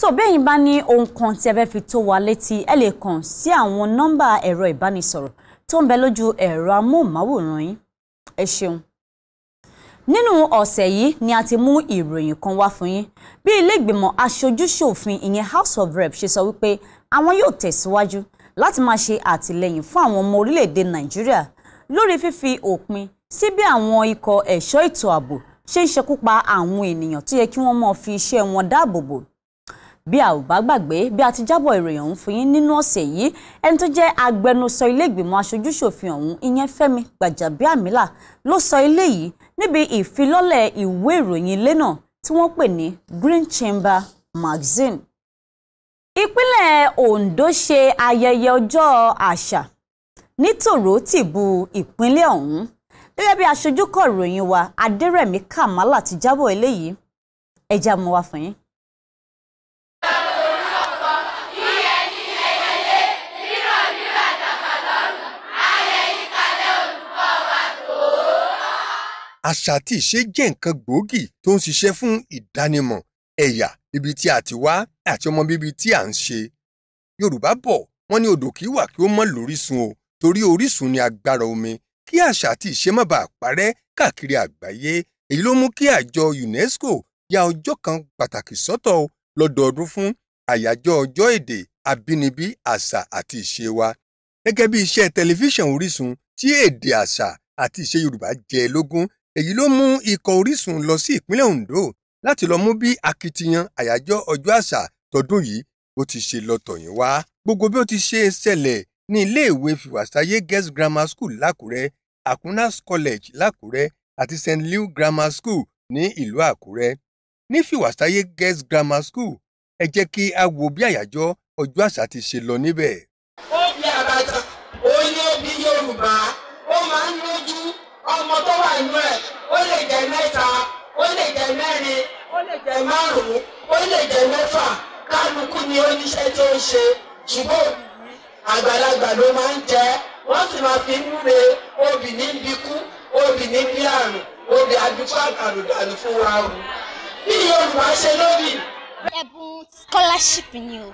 tó bẹ́ẹ̀ yín bá ní ohun kan tí ẹ fẹ́ fi tó wa létí ẹ lè kàn sí àwọn nọ́mbà ẹ̀rọ ìbánisọ̀rọ̀ tó ń bẹ lójú ẹ̀rọ amóhùnmáwòrán yín ẹ ṣeun. nínú ọ̀sẹ̀ yìí ni a ti mú ìròyìn kan wá fún yín bí ilé ìgbìmọ̀ aṣojúṣòfin ìyẹn House of Rep ṣe sọ wípé àwọn yóò tẹ̀síwájú láti máa ṣe àtìlẹyìn fún àwọn ọmọ orílẹ̀-èdè Nàìjíríà lórí fífi òpin sí bí àwọn ikọ̀ ẹ̀ṣọ́ ètò ààbò ṣe ń ṣekúpa àwọn ènìyàn tó yẹ kí wọ́n máa fi iṣẹ́ wọn dáàbò bí a ò bá gbàgbé bí a ti jábọ̀ ìròyìn ọ̀hún fún yín nínú ọ̀sẹ̀ yìí ẹni tó jẹ́ agbẹnusọ ilé ìgbìmọ̀ aṣojúṣòfin ọ̀hún ìyẹn Fẹ́mi Gbàjàbíàmílà ló sọ ilé yìí níbi ìfilọ́lẹ̀ ìwé ìròyìn ilé náà tí wọ́n pè ní Green Chamber Magazine. Ìpínlẹ̀ Ondo ṣe ayẹyẹ ọjọ́ àṣà nítòrò tìbú ìpínlẹ̀ ọ̀hún gẹ́gẹ́ bí aṣojú kọ̀ròyìn wa Adérẹ̀mí Kàmálà ti jábọ̀ eléyìí ẹ̀já mọ́ wa fún yín. àṣà àti ìṣe jẹ́ nǹkan gbòógì tó ń ṣiṣẹ́ fún ìdánimọ̀ ẹ̀yà ibi tí a ti wá àti ọmọ bíbí tí à ń ṣe. Yorùbá bọ̀ wọ́n ní odò kì í wà kí ó mọ́ lórísun o torí orísun ni agbára omi kí àṣà àti ìṣe má bàa parẹ́ káàkiri àgbáyé èyí ló mú kí àjọ UNESCO ya ọjọ́ kan pàtàkì sọ́tọ̀ lọ́dọọdún fún àyájọ́ ọjọ́ èdè abínibí àṣà àti ìṣe wa gẹ́gẹ́ bí iṣẹ́ tẹlifíṣàn Orísun tí èdè àṣà àti ìṣe Yorùbá jẹ lógún èyí ló mú ikọ̀ Orísun lọ sí ìpínlẹ̀ Ondo láti lọ mú bí akitiyan àyájọ́ ọjọ́ àṣà tọdún yìí bó ti ṣe lọ tọ̀yìn wá. gbogbo bí ó ti ṣe ṣẹlẹ̀ ní iléèwé fìwàsáyé Girls Grammar School lákùrẹ́ Acunas College lákùrẹ́ àti St. Lew Grammar School ní ìlú Àkúrẹ́. ní fìwàsáyé Girls Grammar School ẹ jẹ́ kí a wo bí àyájọ́ ọjọ́ àṣà ti ṣe lọ níbẹ̀. ó bí Àbàtà ó ní bí Yorùbá. nǹkan tó wà nínú ẹ̀ ó lè jẹ́ mẹ́ta ó lè jẹ́ mẹ́rin ó lè jẹ́ márùn ó lè kálukú ni oníṣẹ́ tó ń ṣe ṣùgbọ́n àgbàlagbà ló máa ń jẹ wọ́n sì máa fi ń re obì ní bíkú obì ní bí àrùn obì adúgbò àkàrò fún wa o bí Yorùbá ṣe lóbì. ni o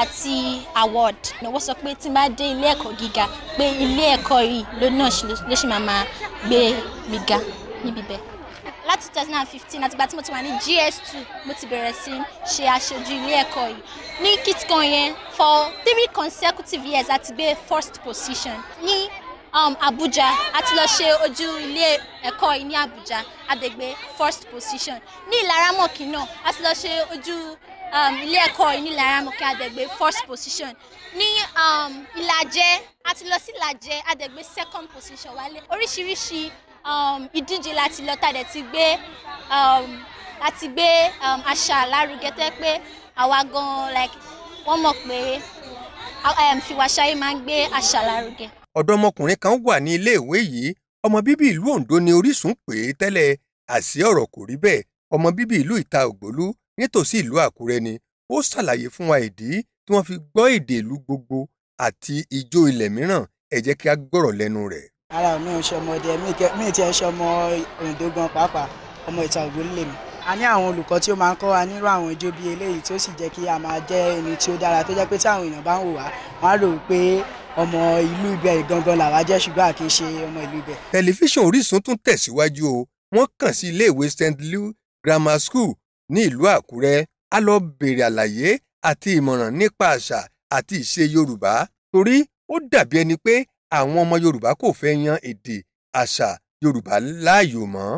àti award wọ́n sọ pé tí n bá dé ilé ẹ̀kọ́ gíga pé ilé ẹ̀kọ́ yìí ló náà ló ṣì máa máa gbé mi ga níbi bẹ́ẹ̀. láti 2015 àtìgbà tí mo ti wà ní GS2 mo ti bẹ̀rẹ̀ sí ṣe aṣojú ilé ẹ̀kọ́ yìí ní kitcon yẹn for three consecutive years àti gbé first position ní um, Abuja a ti lọ ṣe ojú ilé ẹ̀kọ́ yìí ní Abuja a dẹ̀ first position ní Ìlaramọ̀kì náà a ti lọ ṣe ojú Um ilé ẹ̀kọ́ ìnílára mọ̀kẹ́ àdẹ̀gbẹ́ first position ní um, ìlàjẹ a ti lọ sí ìlàjẹ àdẹ̀gbẹ́ second position wálé oríṣiríṣi um, ìdíje láti lọ tàdẹ̀ ti gbé um, láti gbé àṣà lárugẹ tẹ́ pé àwa gan-an like wọ́n mọ̀ pé Fiwáṣayé máa ń gbé àṣà lárugẹ. ọ̀dọ́mọkùnrin kan wà ní iléèwé yìí ọmọ bíbí ìlú Oǹdó ni Orísun pè é tẹ́lẹ̀ àsí ọ̀rọ̀ kò rí bẹ́ẹ̀ ọmọ bíbí ìlú Ìta Ògbólú nítòsí ìlú Àkúrẹ́ ni. Ó ṣàlàyé fún wa ìdí tí wọ́n fi gbọ́ èdè ìlú gbogbo àti ijó ilẹ̀ mìíràn ẹ jẹ́ kí a gbọ́rọ̀ lẹ́nu rẹ̀. ara mi ò ṣọmọdé mi ì tiẹ̀ ṣọmọ òyìnbó gan pàápàá ọmọ ìta ògbólé lèmi. a ní àwọn olùkọ́ tí ó máa ń kọ́ wa nírú àwọn ijó bíi eléyìí tí ó sì jẹ́ kí a máa jẹ́ ẹni tí ó dára tó jẹ́ pé tí àwọn èèyàn bá ń wò wá wọ́n á rò pé ọmọ ìlú ibẹ̀ gangan làwa jẹ́ ṣùgbọ́n a ṣe ọmọ ìlú ibẹ̀. tẹlifíṣàn Orísun tún tẹ̀síwájú o wọ́n kàn sí iléèwé St. Louis Grammar School ní ìlú àkúrẹ́ a lọ bèrè àlàyé àti ìmọ̀ràn nípa àṣà àti ìṣe yorùbá torí ó dàbí ẹni pé àwọn ọmọ yorùbá kò fẹ́ yan èdè àṣà yorùbá láàyò mọ́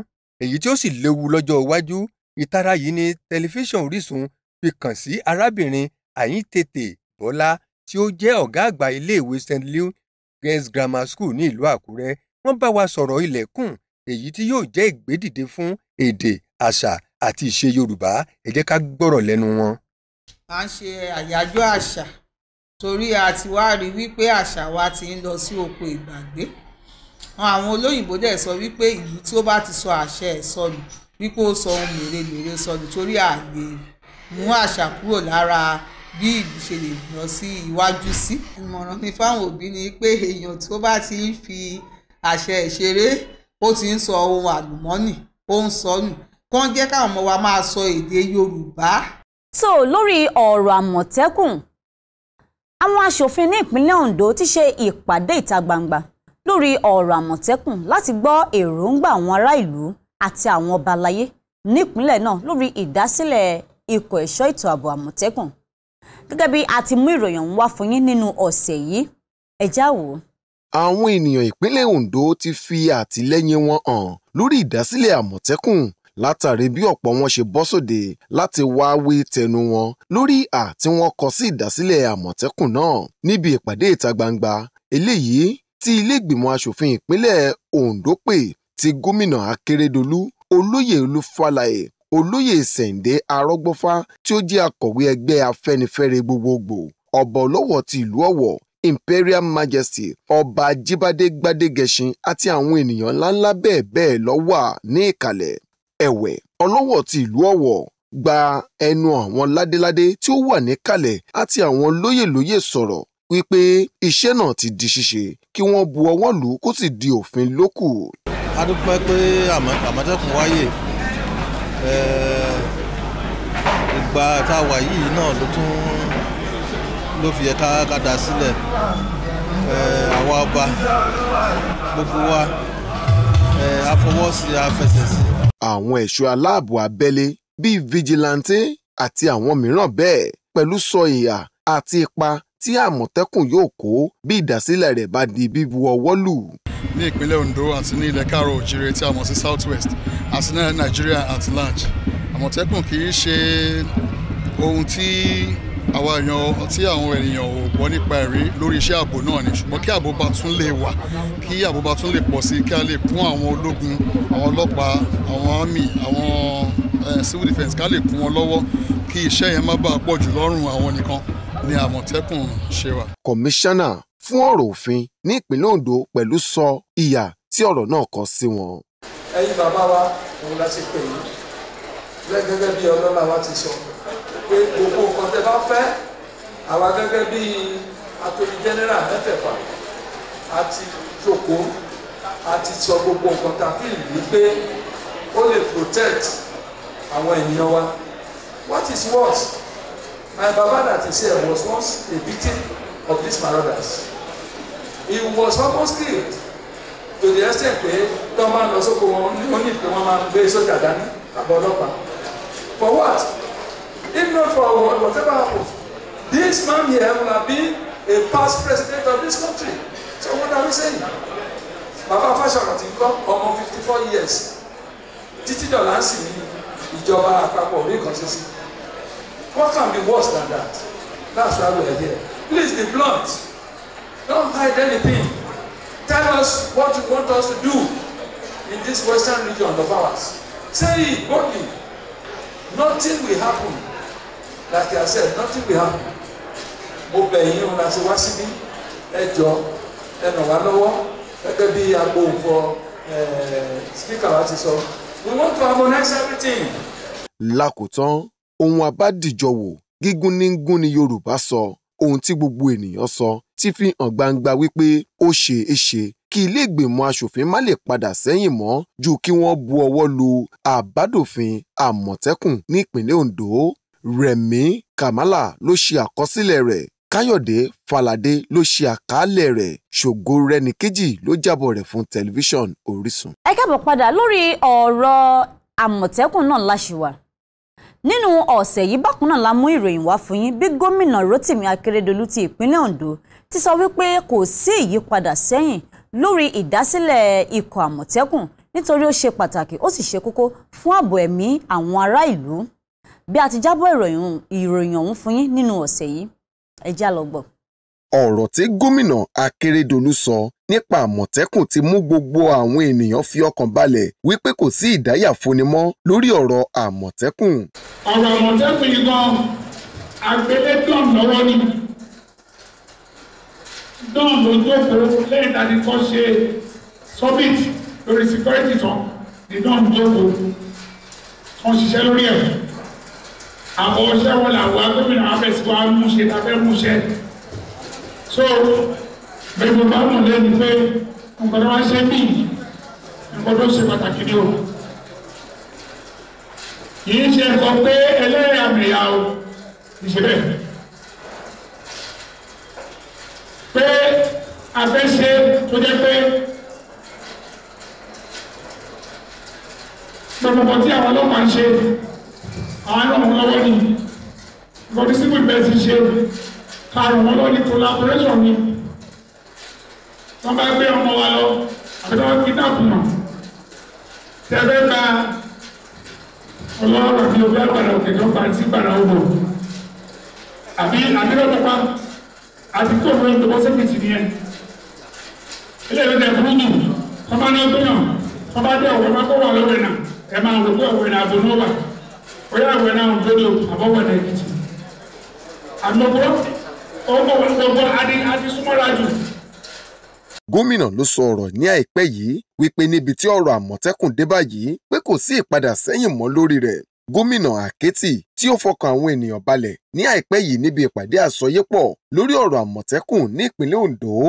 èyí tí ó sì léwu lọ́jọ́ iwájú ìtara yìí ni tẹlifíṣàn orísun fi kàn sí arábìnrin àyíntètè bọ́lá tí ó jẹ́ ọ̀gá àgbà iléèwé st louis girls grammar school ní ìlú àkúrẹ́ wọ́n bá wa sọ̀rọ̀ ilẹ̀kùn èyí tí yóò jẹ́ ìgbédìde fún èdè àṣà àti ìṣe Yorùbá ẹ jẹ́ ká gbọ́rọ̀ lẹ́nu wọn. a ń ṣe àyájọ́ àṣà torí a ti wá rí wípé àṣà wa ti ń lọ sí oko ìgbàgbé àwọn olóyìnbó dẹ̀ sọ wípé ìlú tí ó bá ti sọ àṣẹ ẹ̀ sọnù wípé ó sọ ohun mèremère sọnù torí àgbè mú àṣà kúrò lára bí ìlú ṣe lè lọ sí iwájú sí. ìmọ̀ràn mi fáwọn òbí ni pé èèyàn tó bá ti ń fi àṣẹ ìṣeré ó ti ń sọ ohun àlùmọ́nì ó ń sọnù kán jẹ́ káwọn ọmọ wa máa sọ èdè Yorùbá. so lórí ọ̀rọ̀ àmọ̀tẹ́kùn àwọn aṣòfin ní ìpínlẹ̀ Ondo ti ṣe ìpàdé ìta gbangba lórí ọ̀rọ̀ àmọ̀tẹ́kùn láti gbọ́ èròǹgbà àwọn ará ìlú àti àwọn ọba aláyé nípínlẹ̀ náà lórí ìdásílẹ̀ ikọ̀ ẹ̀ṣọ́ ètò ààbò àmọ̀tẹ́kùn gẹ́gẹ́ bí a ti mú ìròyìn wá fún yín nínú ọ̀sẹ̀ yìí ẹ já wò àwọn ènìyàn ìpínlẹ̀ Ondo ti fi àtìlẹ́yìn wọn hàn lórí ìdásílẹ̀ àmọ̀tẹ́kùn látàrí bí ọ̀pọ̀ wọn ṣe bọ́ sóde láti wá wí tẹnu wọn lórí à tí wọ́n kọ sí ìdásílẹ̀ àmọ̀tẹ́kùn náà níbi ìpàdé ìta gbangba eléyìí tí iléègbìmọ̀ asòfin ìpínlẹ̀ Ondo pè ti gómìnà Akérédolú olóyè Olúfálàyé olóyè Sẹ̀ǹdé Arọ́gbọ́fá tí ó jẹ́ akọ̀wé ẹgbẹ́ Afẹ́nifẹ́re gbogbogbò ọ̀bọ olówó ti ìlú Ọ̀wọ̀ Imperial Majesty ọba Jíbádé Gbádégẹṣin àti àwọn ènìyàn ńláńlá bẹ́ẹ̀ bẹ́ẹ̀ ló wà ní ìkàlẹ̀ ẹ̀wẹ̀ ọlọ́wọ̀ ti ìlú ọ̀wọ̀ gba ẹnu àwọn ládéládé tí ó wà níkàlẹ̀ àti àwọn lóyèlóyè sọ̀rọ̀ wípé iṣẹ́ náà ti di ṣíṣe kí wọ́n bu ọwọ́ lù ú kó sì di òfin lókù. a dúpẹ́ pé àmọ̀tẹ́kùn wáyè ìgbà tá a wà yìí náà ló tún ló fi yẹ ká dá sílẹ̀ àwa ọba gbogbo wa afọwọ́sí afẹsẹ̀sí àwọn ẹ̀ṣọ́ aláàbò abẹ́lé bíi fìjìláńtẹ àti àwọn mìíràn bẹ́ẹ̀ pẹ̀lú sọ ìhà àti ipa tí àmọ̀tẹ́kùn yóò kó bí ìdásílẹ̀ rẹ̀ bá di bíbu ọwọ́ lù. ní ìpínlẹ̀ Ondo àti ní ilẹ̀ káàrọ̀ òjìrè tí a mọ̀ sí South West àti náà Nàìjíríà at large àmọ̀tẹ́kùn kì í ṣe ohun tí àwa èèyàn tí àwọn ènìyàn ò gbọ́ nípa ẹ̀rí lórí iṣẹ́ ààbò náà ni ṣùgbọ́n kí ààbò bá tún lè wà kí ààbò bá tún lè pọ̀ sí kí a lè kún àwọn ológun àwọn ọlọ́pàá àwọn army àwọn eh, civil defence ká lè kún wọn lọ́wọ́ kí iṣẹ́ yẹn má bàa pọ̀ jù lọ́rùn àwọn nìkan ni àmọ̀tẹ́kùn ṣe wà. kọmíṣánná fún ọ̀rọ̀ òfin ní ìpínlẹ̀ Ondo pẹ̀lú sọ ìyà tí ọ̀rọ̀ náà kọ sí wọn. ẹ̀yin bàbá wa òun la ṣe pè yín gẹ́gẹ́ bí ọlọ́lá wa ti sọ pé gbogbo nǹkan tẹ bá fẹ́ àwa gẹ́gẹ́ bíi atoni general mẹ́fẹ̀ẹ̀fà àti jòkó àti sọ gbogbo nǹkan tá a fi rí pé ó lè protect àwọn ènìyàn wa what is worse my baba that is here was once a victim of these marauders he was almost killed to the extent pé tọ́ máa lọ sóko wọn ó ní pé wọ́n máa gbé sójà dání àbọ̀ ọlọ́pàá for what If not for a whatever happens, this man here will have been a past president of this country. So what are we saying? Bàbá Fáṣọ̀rọ̀ ti kọ́ ọmọ fifty four years. Titi dọ̀là Ijoba Akapo, reconciliation. What can be worse than that? That's why we are here. Please be blunt. Don't hide anything. Tell us what you want us to do in this western region of ours. Say it boldly. Nothing will happen like I said nothing will happen mo bẹ̀ yín o láti wá síbí ẹ jọ ẹ nà wá lọ́wọ́ gẹ́gẹ́ bí agbóhùnfọ spíkà wa ti sọ we want to harmonize everything. lákòótán ohun abádìjọwò gígùn ní gún ni Yorùbá sọ ohun tí gbogbo ènìyàn sọ ti fi hàn gbangba wípé ó ṣe é ṣe kí ilé ìgbìmọ̀ asòfin má lè padà sẹ́yìn mọ́ ju kí wọ́n bu ọwọ́ lu àbádòfin Àmọ̀tẹ́kùn nípínlẹ̀ Ondo rẹ̀mí Kamala ló ṣe àkọsílẹ̀ rẹ̀ káyọ̀dé fàlàdé ló ṣe àkàálẹ̀ rẹ̀ ṣògo rẹni kejì ló jábọ̀ rẹ̀ fún tẹlifíṣàn orísun. ẹ káàbọ̀ padà lórí ọ̀rọ̀ àmọ̀tẹ́kùn náà láṣìwà nínú ọ̀sẹ̀ yìí bákan náà la mú ìròyìn wá fún yín bí gómìnà rotimi akeredolu ti ìpínlẹ̀ ondo ti sọ wípé kò sí ìyípadà sẹ́yìn lórí ìdásílẹ̀ ikọ̀ àmọ̀tẹ́kùn nítorí ó ṣe pàtàkì ó sì ṣe kókó fún ààbò ẹ̀mí àwọn ará ìlú bí a ti jábọ̀ ìròyìn ọ̀hún fún yín nínú ọ̀sẹ̀ yìí ẹ já lọ gbọ́. ọ̀rọ̀ tí gómìnà Akérédolú sọ nípa àmọ̀tẹ́kùn ti mú gbogbo àwọn ènìyàn fi ọkàn balẹ̀ wípé kò sí ìdáyàfóni mọ́ lórí ọ̀rọ̀ àmọ̀tẹ́kùn. ọ̀rọ̀ àmọ̀tẹ́kùn yìí gan agbélédọ́n lọ́wọ́ ni dọ́n ló jókòó lẹ́yìn tàbí kọ́ ṣe summit lórí security tán ni dọ́n jókòó kan ṣiṣẹ́ lórí ẹ̀fọ́ àwọn ọṣẹ wọn là wá gómìnà abẹ́sí wa múṣe tàbí múṣe so gbogbo bá mọ̀ lẹ́nu pé nǹkan tó wá ṣe bí nǹkan tó ṣe pàtàkì ni o kì í ṣe nǹkan pé ẹlẹ́rìí àmìyá o kì í ṣe bẹ́ẹ̀ pé abẹ́ṣe tó jẹ́ pé gbogbo tí àwọn ọlọ́pàá ń ṣe àárọ̀ wọn lọ́wọ́ ni ìkọ̀dí síbò ìbẹ̀ ti ṣe karùn wọn lọ́wọ́ ní collaboration ni wọ́n bá gbé ọmọ wa lọ àbẹ̀tọ́ wọn kí náà kùnà tẹ́lẹ̀ bá ọlọ́rọ̀ bí ọgbẹ́ àgbàrà òkè tó bá ti gbàrà ọgbọ̀ àbí àbílẹ̀ pápá àti kó lóyún tó bọ́ sẹ́kìtì nìyẹn ilé ìwé tẹ̀ fún yìí kọ́má náà gbóyàn kọ́má dé ọ̀wọ́ má kó wà lọ́wọ́ ẹ̀ náà ẹ̀ máa lọ́wọ́ ẹ̀ náà bọ̀ náà wà oyɛ awɛ na ɔdɔdɔ abɔbɔ na ɛkiti amɔbɔ ɔbɔ ɔbɔ adi adi sumɔlɔ adu. gómìnà ló sọ ọ̀rọ̀ ní àìpẹ́ yìí wípé níbi tí ọ̀rọ̀ àmọ̀tẹ́kùn dé báyìí pé kò sí ìpadà sẹ́yìn mọ́ lórí rẹ̀ gómìnà àkẹ́tì tí ó fọkàn àwọn ènìyàn balẹ̀ ní àìpẹ́ yìí níbi ìpàdé àsọyépọ̀ lórí ọ̀rọ̀ àmọ̀tẹ́kùn ní ìpínlẹ̀ Ondo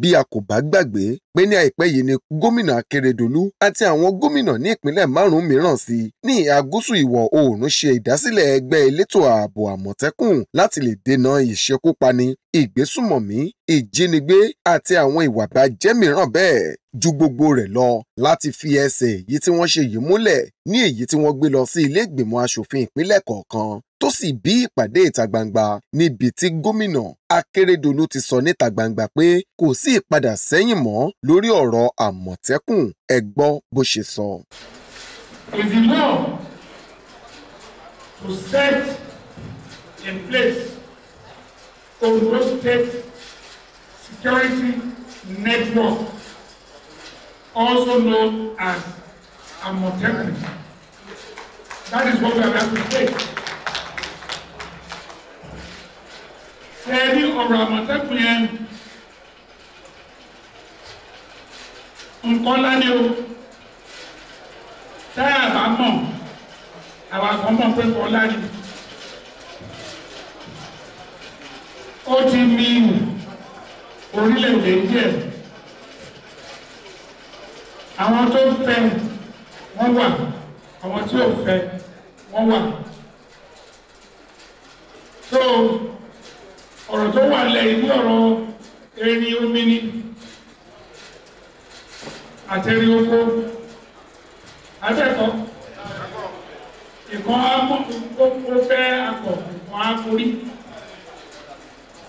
bí a kò bá gbàgbé pé ní àìpẹ́ yìí ni gómìnà Akérédolú àti àwọn gómìnà ní ìpínlẹ̀ márùn-ún mìíràn sí ní ìhà gúúsù ìwọ̀ oòrùn ṣe ìdásílẹ̀ ẹgbẹ́ elétò ààbò Àmọ̀tẹ́kùn láti lè dènà ìṣekúpani ìgbésùmọ̀mí ìjínigbé àti àwọn ìwà bàjẹ́ mìíràn bẹ́ẹ̀ ju gbogbo rẹ̀ lọ láti fi ẹsẹ̀ èyí tí wọ́n ṣe yìí múlẹ̀ ní èyí tí wọ́n gbé lọ sí ilé ìgbìmọ̀ asòfin ìpínlẹ̀ kọ̀ọ̀kan tó sì bí ìpàdé ìta gbangba níbi tí gómìnà Akérédolú ti sọ níta gbangba pé kò sí ìpadà sẹ́yìn mọ́ lórí ọ̀rọ̀ àmọ̀tẹ́kùn ẹ gbọ́ bó ṣe sọ. If you know to set in place Ondo State Security Network, also known as Amotekun. That is what we are about to say. Ṣé ẹ ọ̀rọ̀ Amotekun yẹn? nǹkan ńlá ni o tá a bá mọ̀ àwa kan mọ̀ pé kọ́ ńlá ni ó ti mi orílẹ̀-èdè díẹ̀ àwọn tó fẹ́ wọ́n wà àwọn tí ò fẹ́ wọ́n wà so ọ̀rọ̀ tó wà lẹ́yìn ní ọ̀rọ̀ erin omi ni àtẹrí oko abẹ́kọ̀ ìkan ó fẹ́ akọ̀ ìkan á forí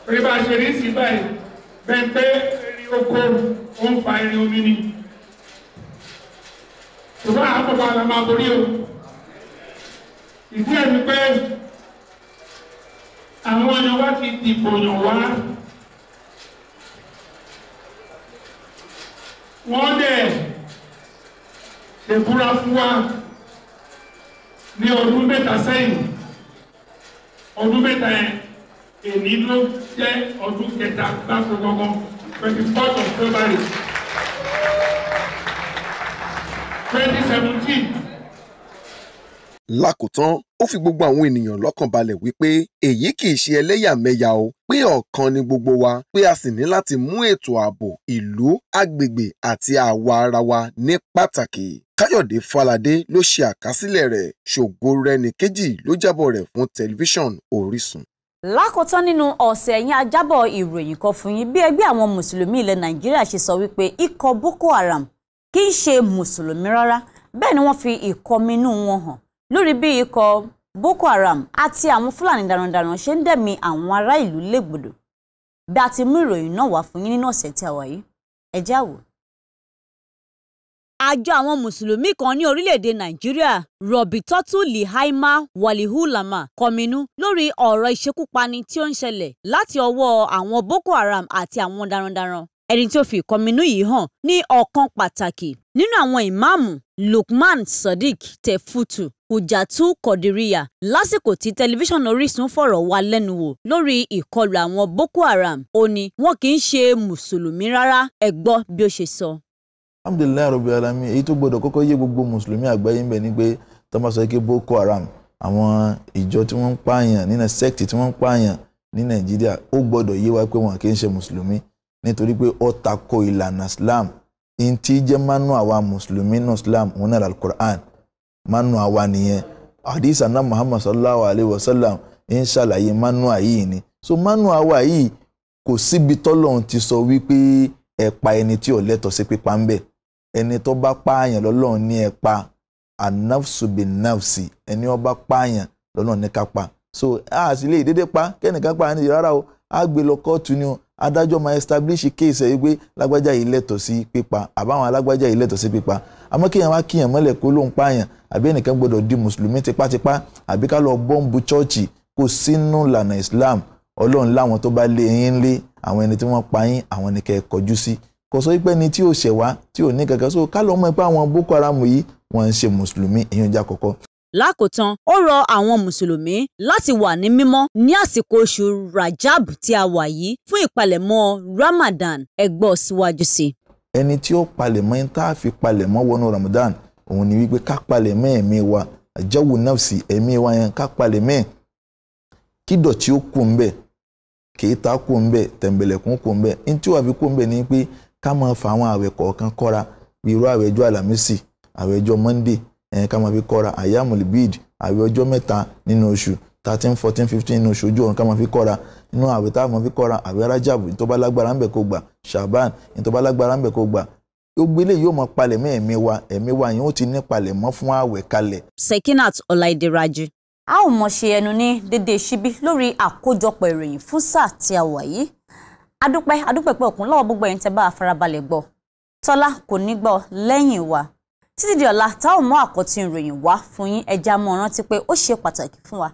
orí bá a ṣe rí sí báyìí bẹ́ẹ̀ pé erin oko ó ń fa erin omi ni ṣùgbọ́n àkọ́kọ́ la máa borí o ìdí ẹ̀ ni pé àwọn ọ̀nà wa ti dìbò yàn wá. wọ́n dẹ̀ ṣèbúra fún wa ní ọdún mẹ́ta sẹ́yìn ọdún mẹ́ta yẹn èyí ló jẹ́ ọdún kẹta gbáko gbọ́ngàn twenty fourth of February twenty seventeen. Lákòótán ó fi gbogbo àwọn ènìyàn lọ́kàn balẹ̀ wípé èyí kìí ṣe ẹlẹ́yàmẹyà o, pé ọ̀kan ni gbogbo wa, pé a sì ní láti mú ètò ààbò ìlú, agbègbè àti àwa ara wa ní pàtàkì. Káyọ̀dé Fáladé ló ṣe àkásílẹ̀ rẹ̀, Ṣògorẹ̀níkejì ló jábọ̀ rẹ̀ fún tẹlifíṣàn Orísun. Lákòótán nínú ọ̀sẹ̀ yẹn a jábọ̀ ìròyìn kan fún yín bí ẹgbẹ́ àwọn mùsùlùmí ilẹ̀ Nàìjíríà ṣe sọ wípé ikọ̀ Boko Haram kì í ṣe mùsùlùmí rárá bẹ́ẹ̀ ni wọ́n fi ìkọminú wọn hàn lórí bí ikọ̀ Boko Haram àti àwọn Fúlàní darandaran ṣe ń dẹ̀mí àwọn ará ìlú légbodò bí a ti mú ìròyìn náà wá fún yín nínú ọ̀sẹ̀ tí a wà yìí ẹ já wò. Àjọ àwọn Mùsùlùmí kan ní orílẹ̀-èdè Nàìjíríà Rọ̀bìtọ́tù Lihaima Walihulama kọminú lórí ọ̀rọ̀ ìṣekúpani tí ó ń ṣẹlẹ̀ láti ọwọ́ àwọn Boko Haram àti àwọn darandaran ẹni tí ó fi ìkọminú yìí hàn ní ọ̀kan pàtàkì nínú àwọn ìmáàmù Lukman Sadiq Tefutu Hujatu Kọdiriya lásìkò tí tẹlifíṣàn Orísun fọ̀rọ̀ wá lẹ́nu wò lórí ìkọlù àwọn Boko Haram ó ní wọn kì í ṣe mùsùlùmí rárá ẹ gbọ́ bí ó ṣe sọ. alhamdulilayi rabi alami èyí tó gbọ́dọ̀ kọ́kọ́ yé gbogbo mùsùlùmí àgbáyé ń bẹ ni pé tó bá sọ pé Boko Haram àwọn ìjọ tí wọ́n ń pààyàn nínú sẹ́ẹ̀tì tí wọ́n ń pààyàn ní Nàìjíríà ó gbọ́dọ̀ yé wa pé wọn kì í ṣe mùsùlùmí nítorí pé ó tako ìlànà Islam n tí jẹ́ manu àwa mùsùlùmí nù Islam òun náà alukur'an manu àwa nìyẹn hadith anna Muhammad sallallahu alayhi wa sallam ń ṣàlàyé manu àyè ni so manu àwa yìí kò síbi tọ́lọ́run ti sọ wípé ẹ pa ẹni tí ò lẹ́tọ̀ọ́ sí pípa ń bẹ̀ ẹni tó bá pààyàn lọ́lọ́run ní ẹ pa anafsu bin nafsi ẹni ó bá pààyàn lọ́lọ́run ní ká pa so a sì lè dédé pa kẹ́nìkan pa ẹni rárá o á gbé lọ kóòtù ni o adájọ́ máa establish case ẹ̀ wípé lágbájá yìí lẹ́tọ̀ọ́ sí pípa àbáwọn alágbájá yìí lẹ́tọ̀ọ́ sí pípa àmọ́ kéèyàn wá kíyàn mọ́lẹ̀ kó ló ń pààyàn àbí ẹnìkan gbọ́dọ̀ di mùsùlùmí tipátipá àbí ká lọ bọ́ǹbù chọ́ọ̀chì kó sínú lànà Islam ọlọ́run láwọn tó bá lé yín lé àwọn ẹni tí wọ́n pa yín àwọn ẹni kẹ́ ẹ kọjú sí kò sọ wípé ni tí ò ṣẹ̀wá tí ò ní kankan so ká lọ́ mọ̀ pé àwọn Boko Haram yìí wọ́n ń ṣe mùsùlùmí ìyẹn ìjà kọ̀kọ́ Lákòótán, ó rọ àwọn Mùsùlùmí láti wà ní mímọ́ ní àsìkò oṣù Rajab tí a wà yìí fún ìpalẹ̀mọ́ Ramadan ẹgbọ́ síwájú sí. Ẹni tí ó palẹ̀mọ́ yín tá a fi palẹ̀mọ́ wọnú Ramadan òun ni wípé ká palẹ̀mọ́ ẹ̀mí wa àjẹwò nafsi ẹ̀mí wa yẹn ká palẹ̀mọ́ ẹ̀ kí dọ̀tí ó kù ń bẹ̀ kèéta kù ń bẹ̀ tẹ̀m̀bẹ̀lẹ̀kùn kù ń bẹ̀ ní tí wàá fi kù ń bẹ̀ ni pé ká máa fa àwọn àwẹ̀ kọ̀ọ̀kan kọ́ra bí irú àwẹ̀jọ́ Àlàmísì àwẹ̀jọ́ Monday ẹ̀ ká máa fi kọ́ra àyàmùlì bíìd àwẹ̀ ọjọ́ mẹ́ta nínú oṣù thirteen fourteen fifteen nínú oṣù ojú ọ̀run ká máa fi kọ́ra nínú àwẹ̀ tá a máa fi kọ́ra àwẹ̀ rájàbù ní tó bá lágbára ńbẹ̀ kó gbà ṣàbán ní tó bá lágbára kó gbà gbogbo eléyìí yóò máa palẹ̀ mọ́ ẹ̀mí wa ẹ̀mí wa yìí ó ti ní palẹ̀ mọ́ fún àwẹ̀ kalẹ̀. Sekinat Ọláìdíraji. a ò mọ̀ ṣe ẹnu ní dédé ṣíbí lórí àkójọpọ̀ ìròyìn fún sáà tí a wà yìí adúpẹ́ adúpẹ́ pé òkun lọ́wọ́ gbogbo ẹ̀yin tẹ́ bá a farabalẹ̀ gbọ́ tọ́lá kò ní gbọ́ lẹ́yìn wa títí di ọ̀la tá ò mú àkọ́tì ìròyìn wá fún yín ẹja mọ́ rántí pé ó ṣe pàtàkì fún wa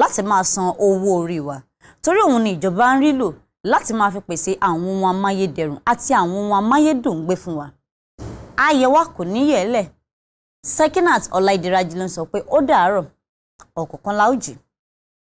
láti máa san owó orí wa torí òun ni ìjọba ń rí lò láti máa fi pèsè àwọn ohun amáyédẹrùn àti àwọn ohun amáyédùn gbé fún wa. àyẹ̀wò kò níyẹ̀ẹ́lẹ̀ Sekinat Ọláìdíraji ló sọ pé ó dàárọ̀ ọ̀kọ̀ọ̀kan la